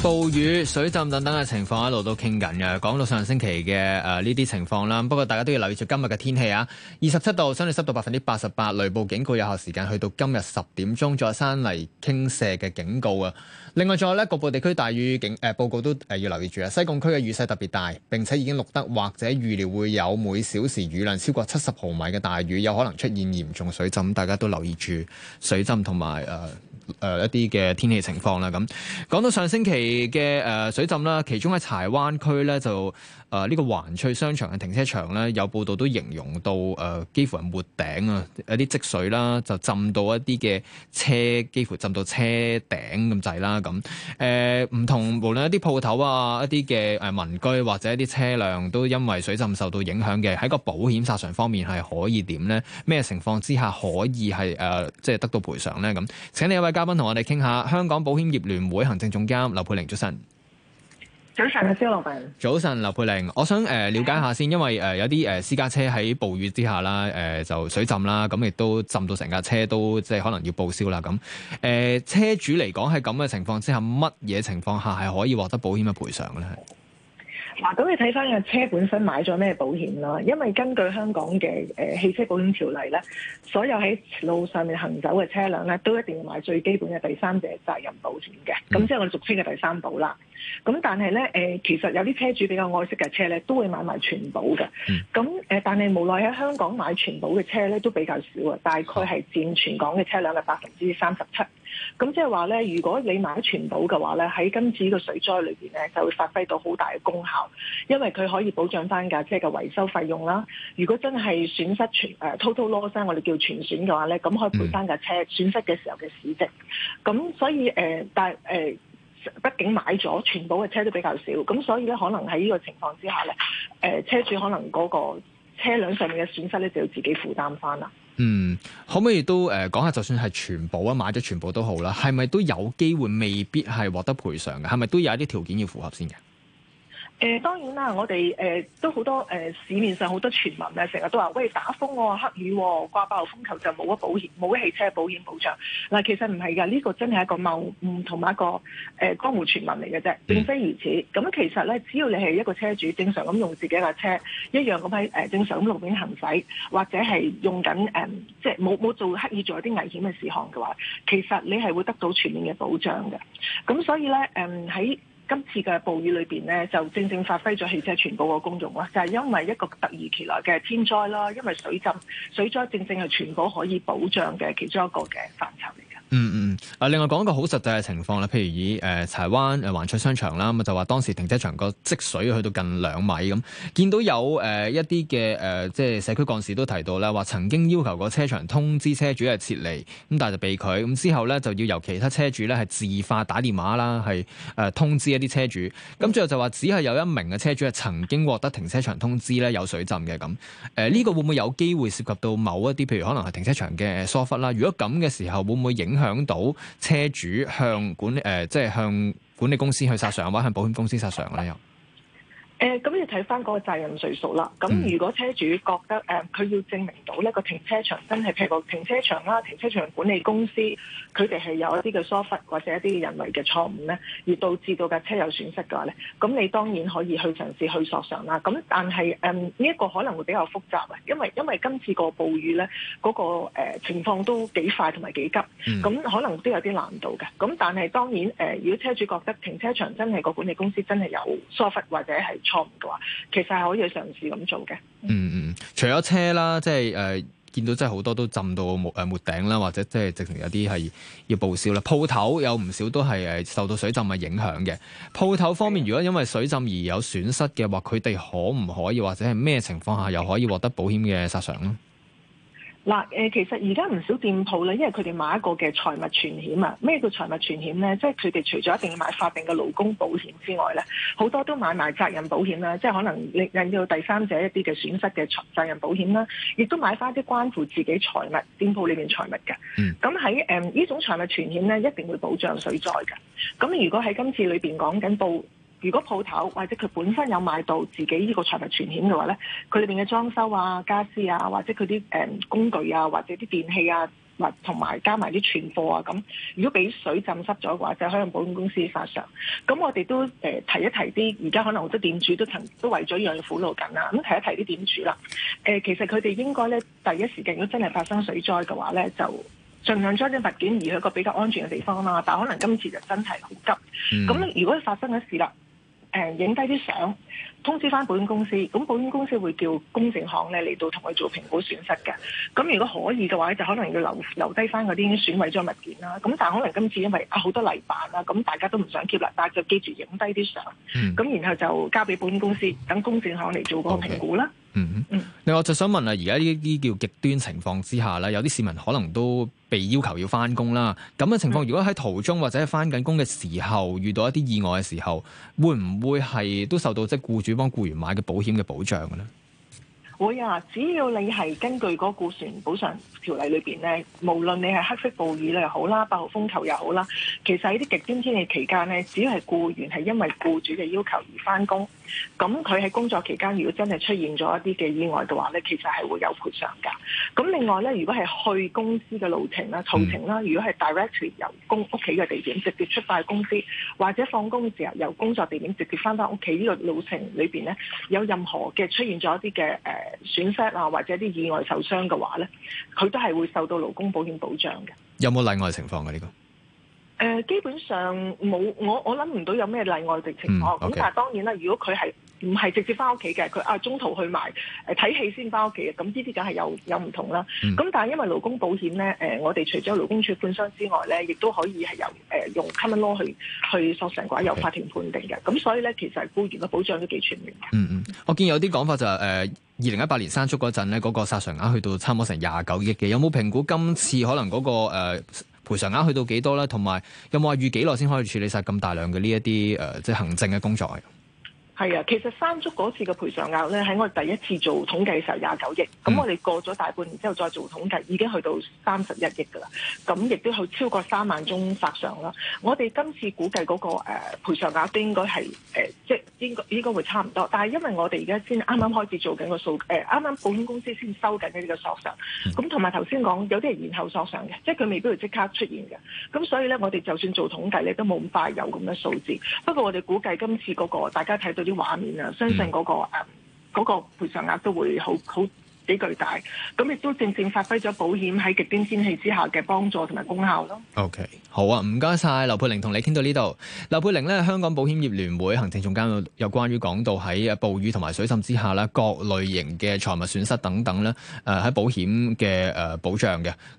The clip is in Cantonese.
暴雨、水浸等等嘅情況一路都傾緊嘅，講到上星期嘅誒呢啲情況啦。不過大家都要留意住今日嘅天氣啊，二十七度，相對濕度百分之八十八，雷暴警告有效時間去到今日十點鐘，再山泥傾瀉嘅警告啊。另外仲有呢局部地區大雨警誒、呃、報告都要留意住啊。西貢區嘅雨勢特別大，並且已經錄得或者預料會有每小時雨量超過七十毫米嘅大雨，有可能出現嚴重水浸，大家都留意住水浸同埋誒。呃呃、一啲嘅天氣情況啦，咁講到上星期嘅、呃、水浸啦，其中喺柴灣區咧就呢、呃、這個環翠商場嘅停車場咧，有報道都形容到誒、呃、幾乎係沒頂啊，一啲積水啦就浸到一啲嘅車，幾乎浸到車頂咁滯啦，咁唔、呃、同無論一啲鋪頭啊，一啲嘅誒民居或者一啲車輛都因為水浸受到影響嘅，喺個保險賠償方面係可以點咧？咩情況之下可以係、呃、即係得到賠償咧？咁請你一位。嘉賓同我哋傾下香港保險業聯會行政總監劉佩玲。早晨，早晨啊，蕭老闆。早晨劉佩玲，我想誒、呃、了解一下先，因為誒、呃、有啲誒、呃、私家車喺暴雨之下啦，誒、呃、就水浸啦，咁亦都浸到成架車都即係可能要報銷啦，咁誒、呃、車主嚟講，喺咁嘅情況之下，乜嘢情況下係可以獲得保險嘅賠償嘅咧？嗱，咁你睇翻架車本身買咗咩保險啦？因為根據香港嘅、呃、汽車保險條例咧，所有喺路上面行走嘅車輛咧，都一定要買最基本嘅第三者責任保險嘅，咁即係我哋俗稱嘅第三保啦。咁但係咧、呃，其實有啲車主比較愛惜嘅車咧，都會買埋全保嘅。咁、mm hmm. 呃、但係無奈喺香港買全保嘅車咧，都比較少啊，大概係佔全港嘅車輛嘅百分之三十七。咁即係話咧，如果你買全保嘅話咧，喺今次個水災裏邊咧，就會發揮到好大嘅功效，因為佢可以保障翻架車嘅維修費用啦。如果真係損失全誒、呃、total loss，我哋叫全損嘅話咧，咁可以賠翻架車損失嘅時候嘅市值。咁所以誒、呃，但係誒，畢、呃、竟買咗全保嘅車都比較少，咁所以咧，可能喺呢個情況之下咧，誒、呃，車主可能嗰個車輛上面嘅損失咧，就要自己負擔翻啦。嗯，可唔可以都誒講下，就算係全部啊買咗全部都好啦，係咪都有機會未必係獲得賠償嘅？係咪都有一啲條件要符合先嘅？誒、呃，當然啦，我哋誒、呃、都好多誒、呃、市面上好多傳聞啊，成日都話喂打風、哦、黑雨、哦、掛爆風球就冇咗保險，冇咗汽車保險保障嗱、呃，其實唔係㗎，呢、這個真係一個謬誤同埋一個誒、呃、江湖傳聞嚟嘅啫，並非如此。咁、呃、其實咧，只要你係一個車主，正常咁用自己架車，一樣咁喺、呃、正常咁路面行駛，或者係用緊誒、呃、即係冇冇做刻意做一啲危險嘅事項嘅話，其實你係會得到全面嘅保障嘅。咁、呃、所以咧，誒、呃、喺今次嘅暴雨裏面咧，就正正發揮咗汽車全部個功用啦，就係因為一個突如其來嘅天災啦，因為水浸、水災，正正係全部可以保障嘅其中一個嘅範疇。嗯嗯，啊，另外講一個好實際嘅情況啦，譬如以誒柴灣誒環翠商場啦，咁就話當時停車場個積水去到近兩米咁，見到有誒一啲嘅誒，即係社區幹事都提到啦，話曾經要求個車場通知車主係撤離，咁但係就被拒，咁之後咧就要由其他車主咧係自發打電話啦，係誒、呃、通知一啲車主，咁最後就話只係有一名嘅車主係曾經獲得停車場通知咧有水浸嘅咁，誒呢、呃呢個會唔會有機會涉及到某一啲譬如可能係停車場嘅疏忽啦？如果咁嘅時候會唔會影？影響到車主向管理、呃，即係向管理公司去索償，或者向保險公司索償，咧又。誒咁要睇翻個責任誰屬啦。咁、嗯嗯、如果車主覺得誒佢、嗯、要證明到呢、嗰個停車場真係譬如個停車場啦，停車場管理公司佢哋係有一啲嘅疏忽或者一啲人為嘅錯誤咧，而導致到架車有損失嘅話咧，咁你當然可以去嘗試去索償啦。咁但係誒呢一個可能會比較複雜啊，因為因為今次個暴雨咧嗰、嗰個、呃、情況都幾快同埋幾急，咁、嗯、可能都有啲難度嘅。咁但係當然誒、呃，如果車主覺得停車場真係、嗰個管理公司真係有疏忽或者係，錯誤嘅話，其實係可以去嘗試咁做嘅。嗯嗯，除咗車啦，即係誒、呃、見到即係好多都浸到冇誒冇頂啦，或者即係直情有啲係要報銷啦。鋪頭有唔少都係誒受到水浸嘅影響嘅。鋪頭方面，如果因為水浸而有損失嘅話，佢哋可唔可以或者係咩情況下又可以獲得保險嘅賠償咧？嗱誒，其實而家唔少店鋪咧，因為佢哋買一個嘅財物全險啊。咩叫財物全險咧？即係佢哋除咗一定要買法定嘅勞工保險之外咧，好多都買埋責任保險啦，即係可能令到第三者一啲嘅損失嘅財責任保險啦，亦都買翻啲關乎自己的財物、店鋪裏邊財物嘅、嗯。嗯，咁喺誒呢種財物全險咧，一定會保障水災嘅。咁如果喺今次裏邊講緊報如果舖頭或者佢本身有買到自己呢個財物全險嘅話咧，佢裏邊嘅裝修啊、家私啊，或者佢啲誒工具啊，或者啲電器啊物，同埋加埋啲存貨啊，咁如果俾水浸濕咗嘅話，就可能保險公司發上。咁我哋都誒、呃、提一提啲，而家可能好多店主都曾都為咗樣苦惱緊啦。咁、嗯、提一提啲店主啦，誒、呃、其實佢哋應該咧第一時間，如果真係發生水災嘅話咧，就盡量將啲物件移去一個比較安全嘅地方啦。但可能今次就真係好急。咁如果發生咗事啦，影低啲相，通知翻保險公司，咁保險公司會叫公證行咧嚟到同佢做評估損失嘅。咁如果可以嘅話，就可能要留留低翻嗰啲損毀咗物件啦。咁但係可能今次因為好多泥板啦，咁大家都唔想 keep 啦，但係就記住影低啲相，咁、嗯、然後就交俾保險公司，等公證行嚟做個評估啦。Okay。嗯，另外我就想問啦，而家呢啲叫極端情況之下，有啲市民可能都被要求要翻工啦。咁嘅情況，如果喺途中或者翻緊工嘅時候遇到一啲意外嘅時候，會唔會係都受到即係僱主幫僱員買嘅保險嘅保障嘅咧？會啊！只要你係根據嗰個僱員補償條例裏面咧，無論你係黑色暴雨又好啦，八號風球又好啦，其實喺啲極端天氣期間咧，只要係僱員係因為僱主嘅要求而翻工，咁佢喺工作期間如果真係出現咗一啲嘅意外嘅話咧，其實係會有賠償㗎。咁另外咧，如果係去公司嘅路程啦、途程啦，如果係 directly, 由公屋企嘅地點直接出發去公司，或者放工嘅時候由工作地點直接翻返屋企呢個路程裏面咧，有任何嘅出現咗一啲嘅、呃損失啊，或者啲意外受傷嘅話咧，佢都係會受到勞工保險保障嘅。有冇例外情況嘅呢個？誒、呃，基本上冇，我我諗唔到有咩例外嘅情況。咁、嗯 okay. 但係當然啦，如果佢係，唔係直接翻屋企嘅，佢啊中途去買誒睇戲先翻屋企嘅。咁呢啲梗係有有唔同啦。咁、嗯、但係因為勞工保險咧，誒我哋除咗勞工處判傷之外咧，亦都可以係由誒、呃、用 common law 去去索償嘅話，由法庭判定嘅。咁是的 所以咧，其實僱員嘅保障都幾全面嘅。嗯嗯，我見有啲講法就係誒二零一八年生出嗰陣咧，嗰、那個索償額去到差唔多成廿九億嘅。有冇評估今次可能嗰、那個誒、呃、賠償額去到幾多咧？同埋有冇話預幾耐先可以處理晒咁大量嘅呢一啲誒即係行政嘅工作？係啊，其實山竹嗰次嘅賠償額咧，喺我哋第一次做統計嘅時候廿九億，咁我哋過咗大半年之後再做統計，已經去到三十一億噶啦，咁亦都去超過三萬宗索償啦。我哋今次估計嗰、那個誒、呃、賠償額都應該係誒、呃、即。應該應該會差唔多，但係因為我哋而家先啱啱開始做緊個數，誒啱啱保險公司先收緊呢啲個索償，咁同埋頭先講有啲人延後索償嘅，即係佢未必會即刻出現嘅，咁所以咧我哋就算做統計咧都冇咁快有咁嘅數字，不過我哋估計今次嗰個大家睇到啲畫面啊，相信嗰個誒嗰個賠償額都會好好。很幾巨大，咁亦都正正發揮咗保險喺極端天氣之下嘅幫助同埋功效咯。OK，好啊，唔該晒。劉佩玲同你傾到呢度。劉佩玲咧，香港保險業聯會行政總監，有有關於講到喺啊暴雨同埋水浸之下啦，各類型嘅財物損失等等咧，誒、呃、喺保險嘅誒、呃、保障嘅。呃